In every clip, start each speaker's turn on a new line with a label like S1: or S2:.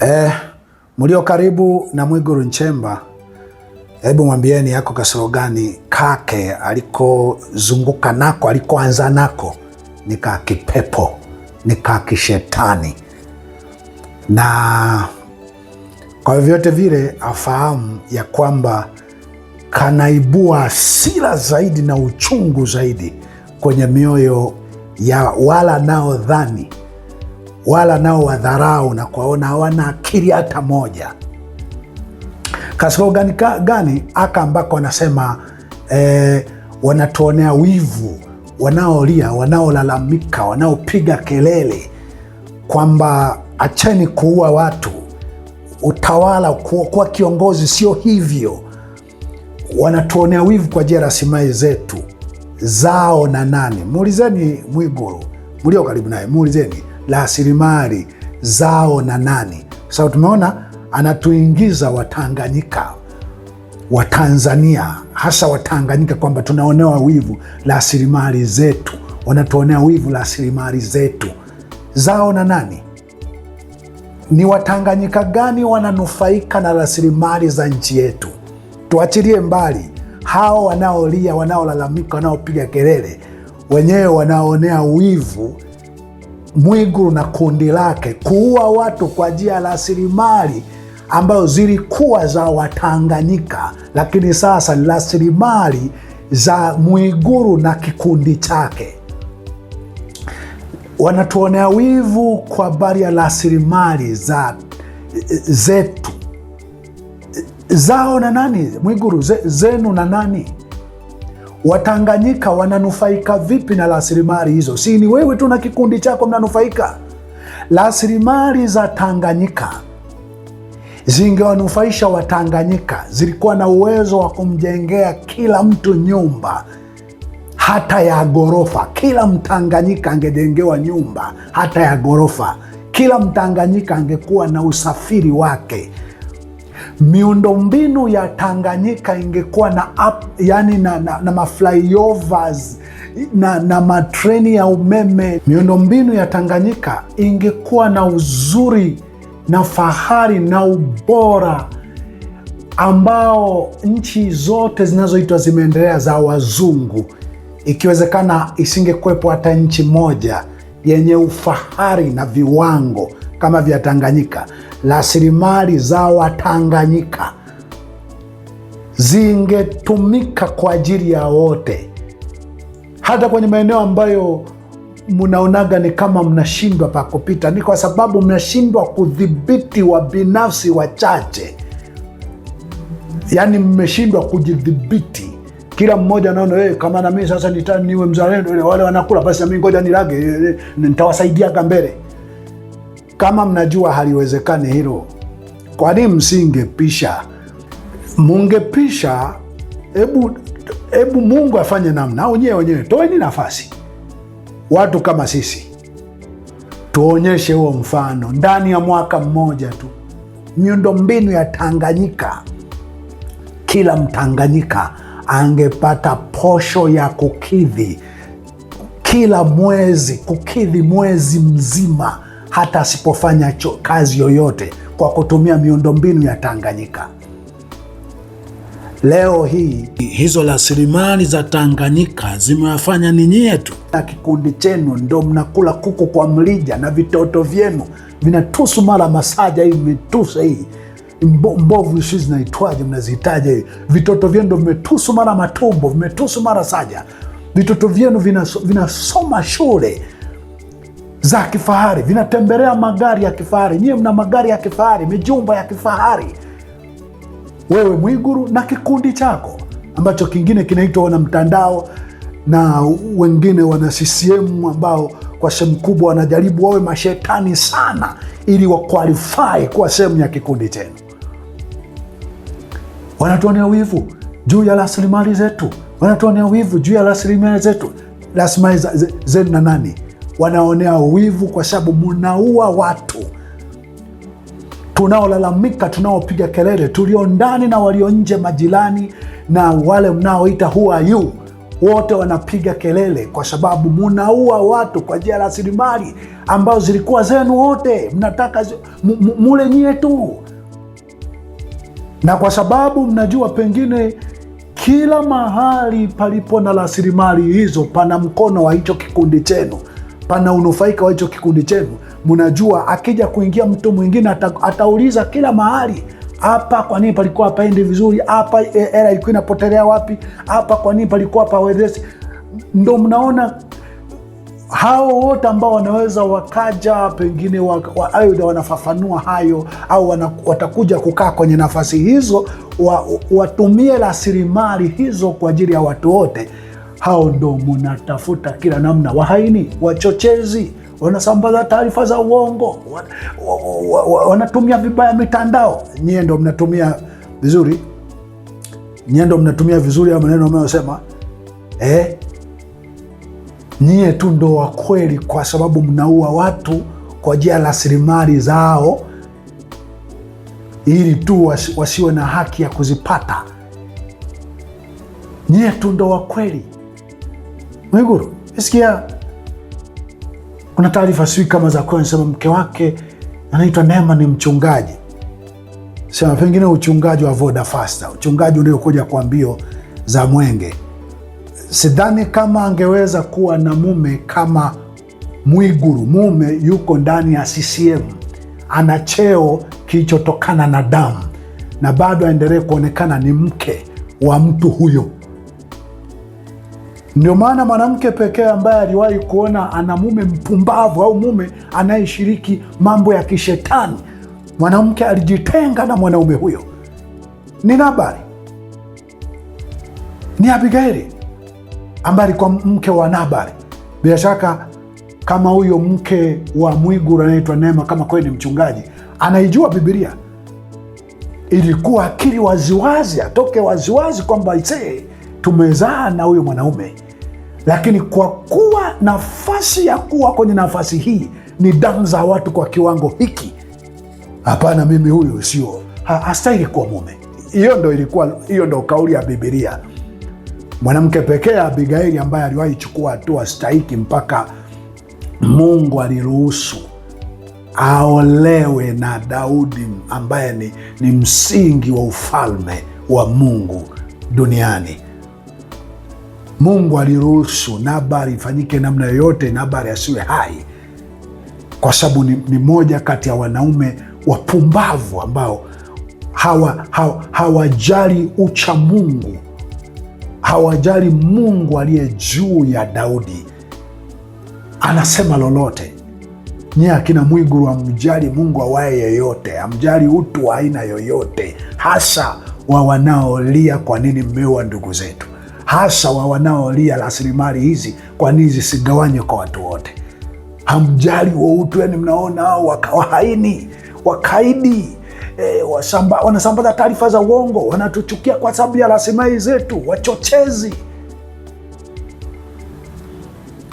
S1: Eh, mlio karibu na Mwigulu Nchemba, hebu mwambieni yako kasoro gani kake alikozunguka nako alikoanza nako ni kakipepo, ni kakishetani, na kwa vyovyote vile afahamu ya kwamba kanaibua hasira zaidi na uchungu zaidi kwenye mioyo ya wala naodhani wala nao wadharau na kuwaona hawana akili hata moja. Katika ugani gani aka ambako wanasema eh, wanatuonea wivu wanaolia, wanaolalamika, wanaopiga kelele kwamba acheni kuua watu, utawala, kuwa kiongozi sio hivyo. Wanatuonea wivu kwa ajili ya rasilimali zetu zao na nani? Muulizeni mwiguru mlio karibu naye, muulizeni rasilimali zao na nani, kwa sababu tumeona anatuingiza Watanganyika Watanzania, hasa Watanganyika, kwamba tunaonewa wivu rasilimali zetu, wanatuonea wivu rasilimali zetu zao na nani. Ni Watanganyika gani wananufaika na rasilimali za nchi yetu? Tuachilie mbali hao wanaolia, wanaolalamika, wanaopiga kelele, wenyewe wanaonea wivu Mwigulu na kundi lake kuua watu kwa ajili ya rasilimali ambazo zilikuwa za Watanganyika, lakini sasa ni rasilimali za Mwigulu na kikundi chake. Wanatuonea wivu kwa habari ya rasilimali za zetu zao na nani, Mwigulu ze, zenu na nani Watanganyika wananufaika vipi na rasilimali hizo? Si ni wewe tu na kikundi chako mnanufaika. Rasilimali za Tanganyika zingewanufaisha Watanganyika, zilikuwa na uwezo wa kumjengea kila mtu nyumba hata ya ghorofa. Kila Mtanganyika angejengewa nyumba hata ya ghorofa. Kila Mtanganyika angekuwa na usafiri wake miundombinu ya Tanganyika ingekuwa na up, yani na, na, na maflyovers na, na matreni ya umeme, miundombinu ya Tanganyika ingekuwa na uzuri na fahari na ubora ambao nchi zote zinazoitwa zimeendelea za wazungu, ikiwezekana isingekuwepo hata nchi moja yenye ufahari na viwango kama vya Tanganyika rasilimali za Watanganyika zingetumika kwa ajili ya wote, hata kwenye maeneo ambayo mnaonaga ni kama mnashindwa pa kupita ni kwa sababu mnashindwa kudhibiti wa binafsi wachache, yaani mmeshindwa kujidhibiti. Kila mmoja anaona hey, eh, kama nami sasa nita niwe mzalendo, wale wanakula basi nami ngoja nilage, eh, eh, nitawasaidiaga mbele kama mnajua haliwezekani hilo, kwa nini msingepisha? Mungepisha, hebu hebu Mungu afanye namna au nyewe wenyewe toeni nafasi, watu kama sisi tuonyeshe huo mfano ndani ya mwaka mmoja tu. miundo mbinu ya Tanganyika, kila Mtanganyika angepata posho ya kukidhi kila mwezi, kukidhi mwezi mzima hata asipofanya kazi yoyote kwa kutumia miundombinu ya Tanganyika. Leo hii hizo rasilimali za Tanganyika zimewafanya ninyie yetu na kikundi chenu ndo mnakula kuku kwa mlija na vitoto vyenu vinatusu mara masaja hii vitusa hii mbo, mbovu si zinaitwaje, mnazihitaja hii. Vitoto vyenu ndo vimetusu mara matumbo, vimetusu mara saja, vitoto vyenu vinasoma shule za kifahari, vinatembelea magari ya kifahari. Nyie mna magari ya kifahari, mijumba ya kifahari, wewe Mwiguru na kikundi chako ambacho kingine kinaitwa wanamtandao na wengine wana CCM ambao kwa sehemu kubwa wanajaribu wawe mashetani sana ili wakwalifai kuwa sehemu ya kikundi chenu. Wanatuonea wivu juu ya rasilimali zetu, wanatuonea wivu juu ya rasilimali zetu, rasilimali zenu na nani wanaonea wivu, kwa sababu munaua watu tunaolalamika, tunaopiga kelele, tulio ndani na walio nje, majirani na wale mnaoita who are you, wote wanapiga kelele kwa sababu munaua watu kwa njia ya rasilimali ambazo zilikuwa zenu wote, mnataka mule nyie tu, na kwa sababu mnajua pengine kila mahali palipo na rasilimali hizo pana mkono wa hicho kikundi chenu pana unufaika wa hicho kikundi chenu. Mnajua akija kuingia mtu mwingine ata, atauliza kila mahali hapa kwa nini palikuwa paendi vizuri, hapa e, hela ilikuwa inapotelea wapi, hapa kwa nini palikuwa pawezesi. Ndo mnaona hao wote ambao wanaweza wakaja pengine wa, wanafafanua hayo au wana, watakuja kukaa kwenye nafasi hizo wa, watumie rasilimali hizo kwa ajili ya watu wote hao ndo munatafuta kila namna, wahaini, wachochezi, wanasambaza taarifa za uongo, wanatumia vibaya mitandao. Nyie ndo mnatumia vizuri, nyie ndo mnatumia vizuri ya maneno mnayosema eh? Nyie tu ndo wa kweli, kwa sababu mnaua watu kwa ajili ya rasilimali zao ili tu wasiwe na haki ya kuzipata. Nyie tu ndo wa kweli. Mwiguru, nisikia kuna taarifa sijui kama za kweli, sema mke wake anaitwa Neema ni mchungaji, sema pengine uchungaji wa Voda Fasta, uchungaji uliokuja kwa mbio za mwenge. Sidhani kama angeweza kuwa na mume kama Mwiguru. Mume yuko ndani ya CCM, ana cheo kilichotokana na damu, na bado aendelee kuonekana ni mke wa mtu huyo. Ndio maana mwanamke pekee ambaye aliwahi kuona ana mume mpumbavu au mume anayeshiriki mambo ya kishetani, mwanamke alijitenga na mwanaume huyo, ni Nabali, ni Abigaili ambaye alikuwa mke wa Nabali. Bila shaka kama huyo mke wa Mwiguru anaitwa Neema, kama kweli ni mchungaji anaijua Bibilia, ilikuwa akili waziwazi, atoke waziwazi kwamba isee tumezaa na huyu mwanaume, lakini kwa kuwa nafasi ya kuwa kwenye nafasi hii ni damu za watu kwa kiwango hiki, hapana, mimi huyu sio hastahili kuwa mume. Hiyo ndo ilikuwa, hiyo ndo kauli ya Bibilia. Mwanamke pekee Abigaili ambaye aliwahi chukua hatua stahiki mpaka Mungu aliruhusu aolewe na Daudi ambaye ni, ni msingi wa ufalme wa Mungu duniani. Mungu aliruhusu Nabali ifanyike namna yoyote, Nabali asiwe hai, kwa sababu ni, ni moja kati ya wanaume wapumbavu ambao hawajali hawa, hawa ucha Mungu, hawajali Mungu aliye juu ya Daudi. Anasema lolote nyie akina Mwiguru amjali Mungu awaye yeyote, amjali utu wa aina yoyote, hasa wa wanaolia kwa nini mmeua ndugu zetu hasa wa wanaolia rasilimali hizi, kwa nini zisigawanywe kwa watu wote? Hamjali wautu, yani mnaona hao wakawahaini, wakaidi E, wanasambaza taarifa za uongo, wanatuchukia kwa sababu ya rasilimali zetu, wachochezi.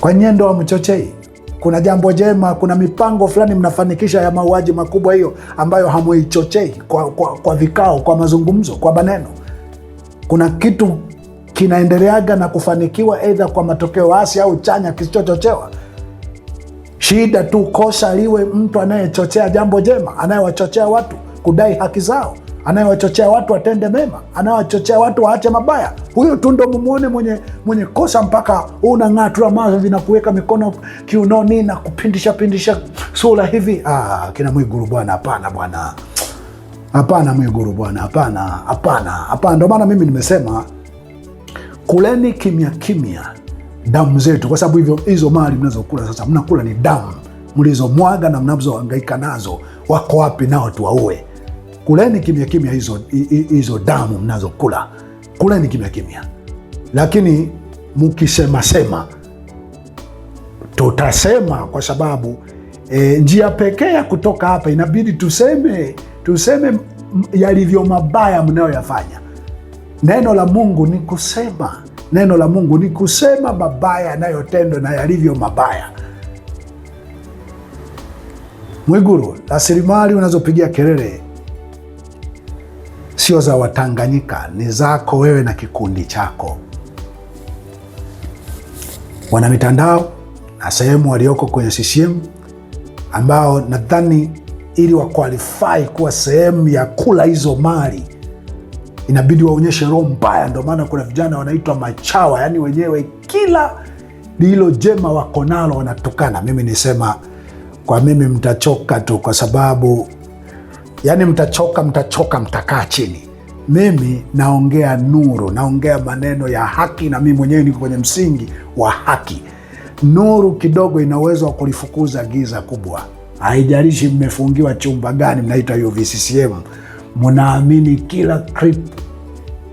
S1: Kwa nyie ndo wamchochei. Kuna jambo jema, kuna mipango fulani mnafanikisha ya mauaji makubwa hiyo ambayo hamuichochei kwa, kwa, kwa vikao, kwa mazungumzo, kwa maneno. Kuna kitu kinaendeleaga na kufanikiwa, aidha kwa matokeo hasi au chanya kisichochochewa. Shida tu kosa liwe mtu anayechochea jambo jema, anayewachochea watu kudai haki zao, anayewachochea watu watende mema, anayewachochea watu waache mabaya. Huyo tu ndo mumwone mwenye mwenye kosa, mpaka unang'atula mazo vinakuweka mikono kiunoni na kupindisha pindisha sura hivi. Ah, kina Mwiguru bwana, hapana bwana, hapana Mwiguru bwana, hapana, hapana, hapana. Ndo maana mimi nimesema kuleni kimya kimya damu zetu, kwa sababu hivyo hizo mali mnazokula sasa, mnakula ni damu mlizomwaga na mnazohangaika nazo, wako wapi nao tuwaue? Kuleni kimya kimya hizo, hizo damu mnazokula, kuleni kimya kimya. Lakini mkisemasema, tutasema kwa sababu e, njia pekee ya kutoka hapa inabidi tuseme, tuseme yalivyo mabaya mnayoyafanya Neno la Mungu ni kusema, neno la Mungu ni kusema mabaya yanayotendwa na yalivyo mabaya. Mwiguru, rasilimali unazopigia kelele sio za Watanganyika, ni zako wewe na kikundi chako. Wana mitandao na sehemu walioko kwenye CCM ambao nadhani ili wakwalifai kuwa sehemu ya kula hizo mali inabidi waonyeshe roho mbaya. Ndio maana kuna vijana wanaitwa machawa, yaani wenyewe kila lilo jema wako nalo wanatukana. Mimi nisema kwa mimi mtachoka tu, kwa sababu yani mtachoka, mtachoka, mtakaa chini. Mimi naongea nuru, naongea maneno ya haki, na mimi mwenyewe niko kwenye msingi wa haki. Nuru kidogo ina uwezo wa kulifukuza giza kubwa, haijalishi mmefungiwa chumba gani, mnaitwa hiyo VCCM munaamini kila clip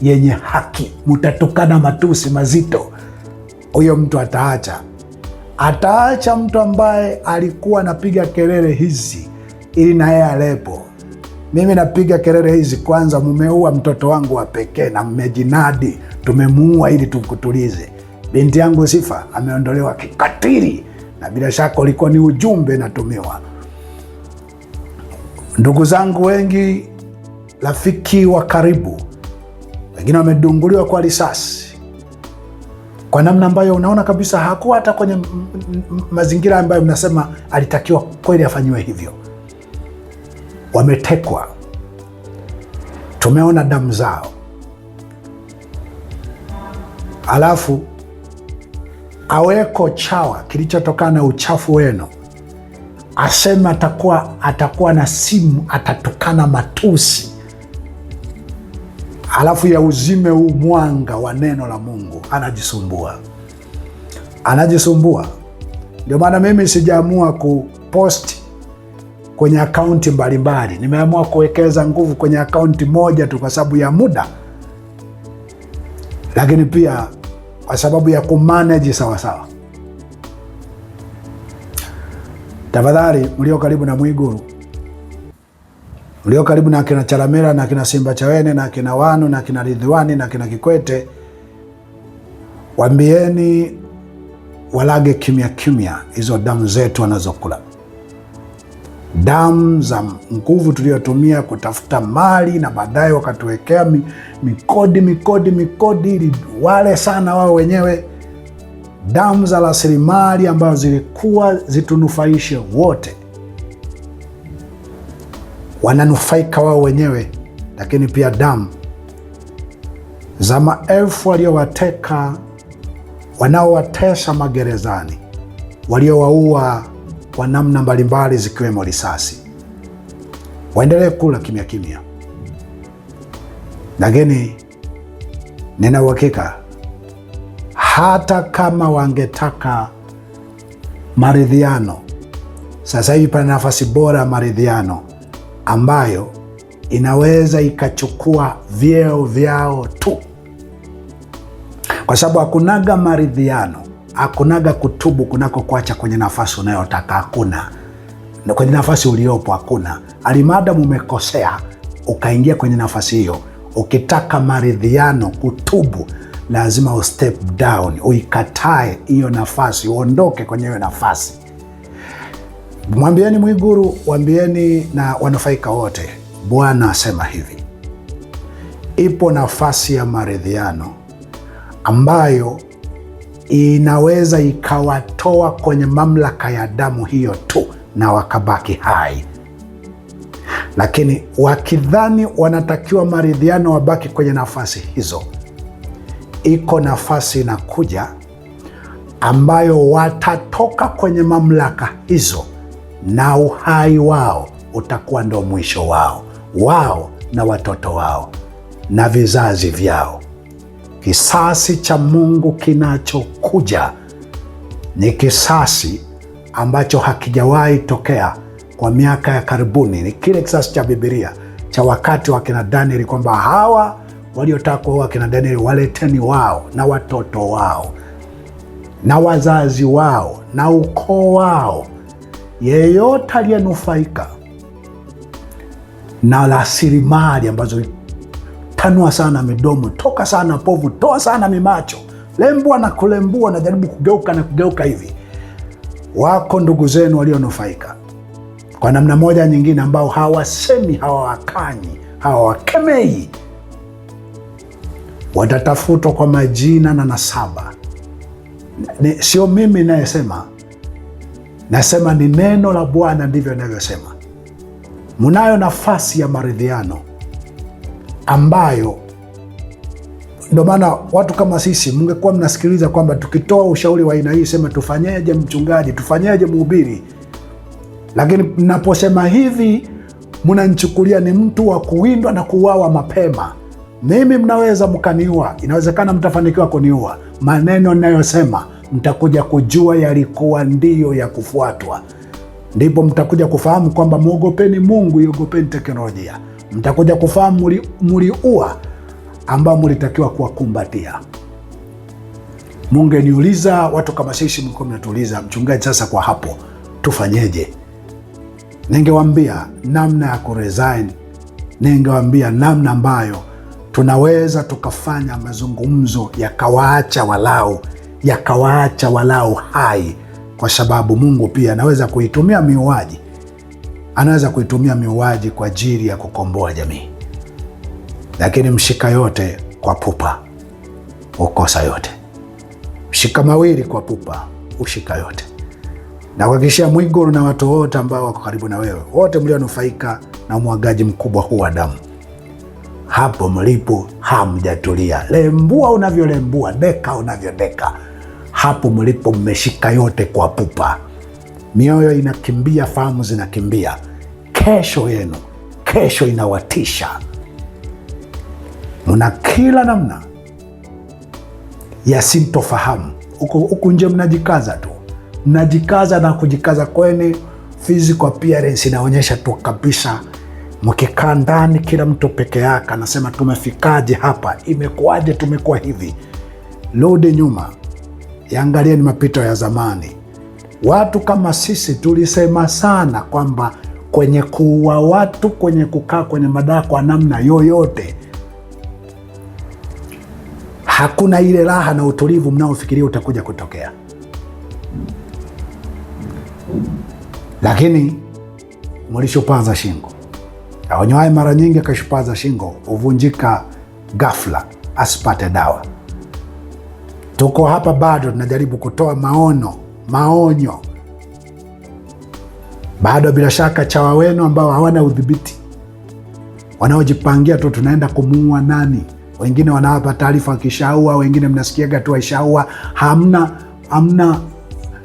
S1: yenye haki, mutatukana matusi mazito, huyo mtu ataacha ataacha mtu ambaye alikuwa anapiga kelele hizi ili na yeye alepo. Mimi napiga kelele hizi kwanza, mumeua mtoto wangu wa pekee na mmejinadi tumemuua ili tukutulize. Binti yangu Sifa ameondolewa kikatili, na bila shaka ulikuwa ni ujumbe natumiwa. Ndugu zangu wengi rafiki wa karibu, wengine wamedunguliwa kwa risasi kwa namna ambayo unaona kabisa hakuwa hata kwenye mazingira ambayo mnasema alitakiwa kweli afanyiwe hivyo. Wametekwa, tumeona damu zao, alafu aweko chawa kilichotokana na uchafu wenu, asema atakuwa atakuwa na simu, atatukana matusi alafu ya uzime huu mwanga wa neno la Mungu, anajisumbua, anajisumbua. Ndio maana mimi sijaamua kupost kwenye akaunti mbalimbali, nimeamua kuwekeza nguvu kwenye akaunti moja tu kwa sababu ya muda, lakini pia kwa sababu ya kumaneji sawasawa. Tafadhali mlio karibu na Mwiguru ulio karibu na kina Chalamila na kina Simba Chawene na kina Wanu na kina Ridhiwani na kina Kikwete, wambieni walage kimya kimya hizo damu zetu wanazokula, damu za nguvu tuliyotumia kutafuta mali na baadaye wakatuwekea mikodi mikodi mikodi ili wale sana wao wenyewe, damu za rasilimali ambazo zilikuwa zitunufaishe wote wananufaika wao wenyewe, lakini pia damu za maelfu waliowateka, wanaowatesa magerezani, waliowaua kwa namna mbalimbali zikiwemo risasi. Waendelee kula kimya kimya, lakini nina uhakika hata kama wangetaka maridhiano, sasa hivi pana nafasi bora ya maridhiano ambayo inaweza ikachukua vyeo vyao tu, kwa sababu hakunaga maridhiano, hakunaga kutubu kunakokuacha kwenye nafasi unayotaka, hakuna kwenye nafasi uliopo, hakuna alimadamu umekosea ukaingia kwenye nafasi hiyo. Ukitaka maridhiano, kutubu, lazima u step down, uikatae hiyo nafasi, uondoke kwenye hiyo nafasi. Mwambieni Mwiguru, wambieni na wanufaika wote, Bwana asema hivi: ipo nafasi ya maridhiano ambayo inaweza ikawatoa kwenye mamlaka ya damu hiyo tu na wakabaki hai, lakini wakidhani wanatakiwa maridhiano wabaki kwenye nafasi hizo, iko nafasi inakuja ambayo watatoka kwenye mamlaka hizo na uhai wao utakuwa ndo mwisho wao, wao na watoto wao na vizazi vyao. Kisasi cha Mungu kinachokuja ni kisasi ambacho hakijawahi tokea kwa miaka ya karibuni. Ni kile kisasi cha Bibilia cha wakati wa kina Danieli, kwamba hawa waliotaka kuwaua kina Danieli waleteni wao na watoto wao na wazazi wao na ukoo wao yeyote aliyenufaika na rasilimali ambazo tanua sana midomo, toka sana povu, toa sana mimacho, lembua na kulembua, najaribu kugeuka na kugeuka hivi. Wako ndugu zenu walionufaika kwa namna moja nyingine, ambao hawasemi, hawawakanyi, hawawakemei, watatafutwa kwa majina na nasaba. Sio mimi nayesema, Nasema ni neno la Bwana ndivyo inavyosema. Mnayo nafasi ya maridhiano ambayo ndio maana watu kama sisi mngekuwa mnasikiliza kwamba tukitoa ushauri wa aina hii, sema tufanyeje mchungaji, tufanyeje mhubiri, lakini mnaposema hivi mnanchukulia ni mtu wa kuwindwa na kuuawa mapema. Mimi mnaweza mkaniua, inawezekana mtafanikiwa kuniua. Maneno ninayosema mtakuja kujua yalikuwa ndiyo ya kufuatwa. Ndipo mtakuja kufahamu kwamba mwogopeni Mungu, iogopeni teknolojia. Mtakuja kufahamu muliua ambao mulitakiwa kuwakumbatia. Mungeniuliza watu kama sisi, mlikuwa mnatuuliza mchungaji, sasa kwa hapo tufanyeje? Ningewaambia namna ya kuresign, ningewaambia namna ambayo tunaweza tukafanya mazungumzo yakawaacha walau yakawaacha walau hai, kwa sababu Mungu pia anaweza kuitumia miuaji, anaweza kuitumia miuaji kwa ajili ya kukomboa jamii. Lakini mshika yote kwa pupa ukosa yote, mshika mawili kwa pupa ushika yote. Na kuhakikishia Mwigulu na watu wote ambao wako karibu na wewe, wote mlionufaika na umwagaji mkubwa huu wa damu, hapo mlipo hamjatulia. Lembua unavyolembua, deka unavyodeka hapo mlipo mmeshika yote kwa pupa, mioyo inakimbia, fahamu zinakimbia. Kesho yenu, kesho inawatisha. Mna kila namna ya sintofahamu huku nje, mnajikaza tu, mnajikaza na kujikaza kweni Physical appearance inaonyesha tu kabisa. Mkikaa ndani, kila mtu peke yake anasema tumefikaje hapa, imekuwaje tumekuwa hivi. Rudi nyuma ni mapito ya zamani. Watu kama sisi tulisema sana kwamba kwenye kuua watu, kwenye kukaa kwenye madaa kwa namna yoyote, hakuna ile raha na utulivu mnaofikiria utakuja kutokea. Lakini mlishupaza shingo. Aonywaye mara nyingi akashupaza shingo huvunjika ghafla, asipate dawa. Tuko hapa bado tunajaribu kutoa maono, maonyo bado, bila shaka chawa wenu ambao hawana udhibiti, wanaojipangia tu tunaenda kumuua nani. Wengine wanawapa taarifa wakishaua wengine mnasikiaga tu waishaua Hamna, hamna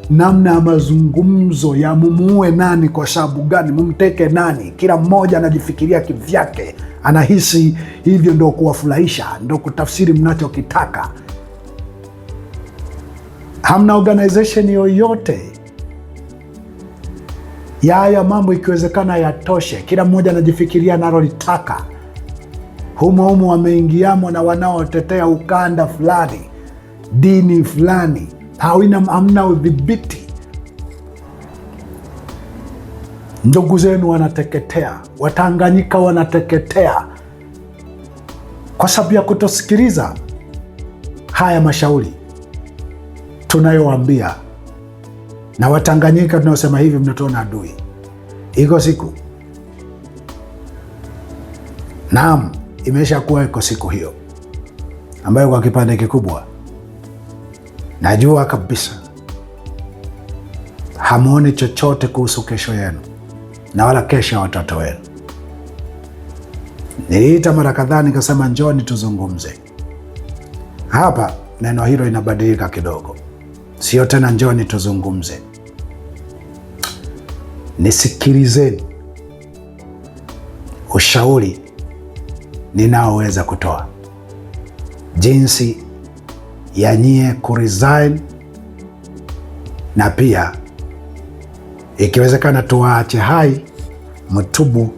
S1: namna ya mazungumzo ya mumuue nani kwa sababu gani, mumteke nani. Kila mmoja anajifikiria kivyake, anahisi hivyo ndo kuwafurahisha, ndo kutafsiri mnachokitaka. Hamna organization yoyote ya haya mambo, ikiwezekana yatoshe. Kila mmoja anajifikiria analolitaka humo humo, wameingiamo na wanaotetea ukanda fulani, dini fulani, hawina hamna udhibiti. Ndugu zenu wanateketea, Watanganyika wanateketea kwa sababu ya kutosikiliza haya mashauri tunayowambia na Watanganyika tunaosema hivi, mnatuona adui. Iko siku naam, imesha kuwa iko siku hiyo ambayo kwa kipande kikubwa najua kabisa hamwoni chochote kuhusu kesho yenu na wala kesho ya watoto wenu. Niliita mara kadhaa nikasema, njoni tuzungumze hapa. Neno hilo inabadilika kidogo. Sio tena njoni tuzungumze, nisikilizeni ushauri ninaoweza kutoa jinsi ya nyie kuresign na pia ikiwezekana tuwaache hai, mtubu,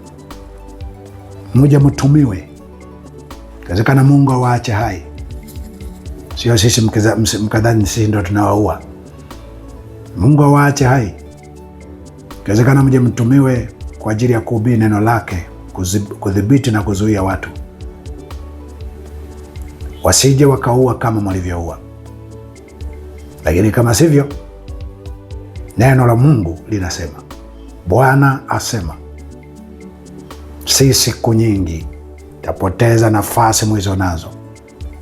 S1: muje mtumiwe, ikiwezekana Mungu awaache hai sio sisi mkadhani sisi ndo tunawaua. Mungu awaache hai, ikiwezekana mje mtumiwe kwa ajili ya kuhubiri neno lake, kudhibiti na kuzuia watu wasije wakaua kama mlivyoua, lakini kama sivyo, neno la Mungu linasema, Bwana asema, si siku nyingi tapoteza nafasi mwizo nazo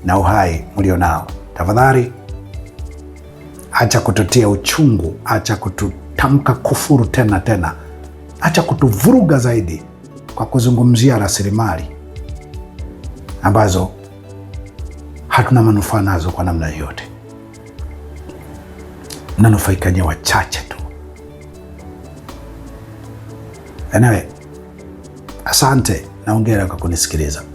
S1: na uhai mlio nao. Tafadhali acha kututia uchungu, acha kututamka kufuru tena tena, acha kutuvuruga zaidi kwa kuzungumzia rasilimali ambazo hatuna manufaa nazo kwa namna yoyote. Mnanufaika wachache tu. Enewe, asante na hongera kwa kunisikiliza.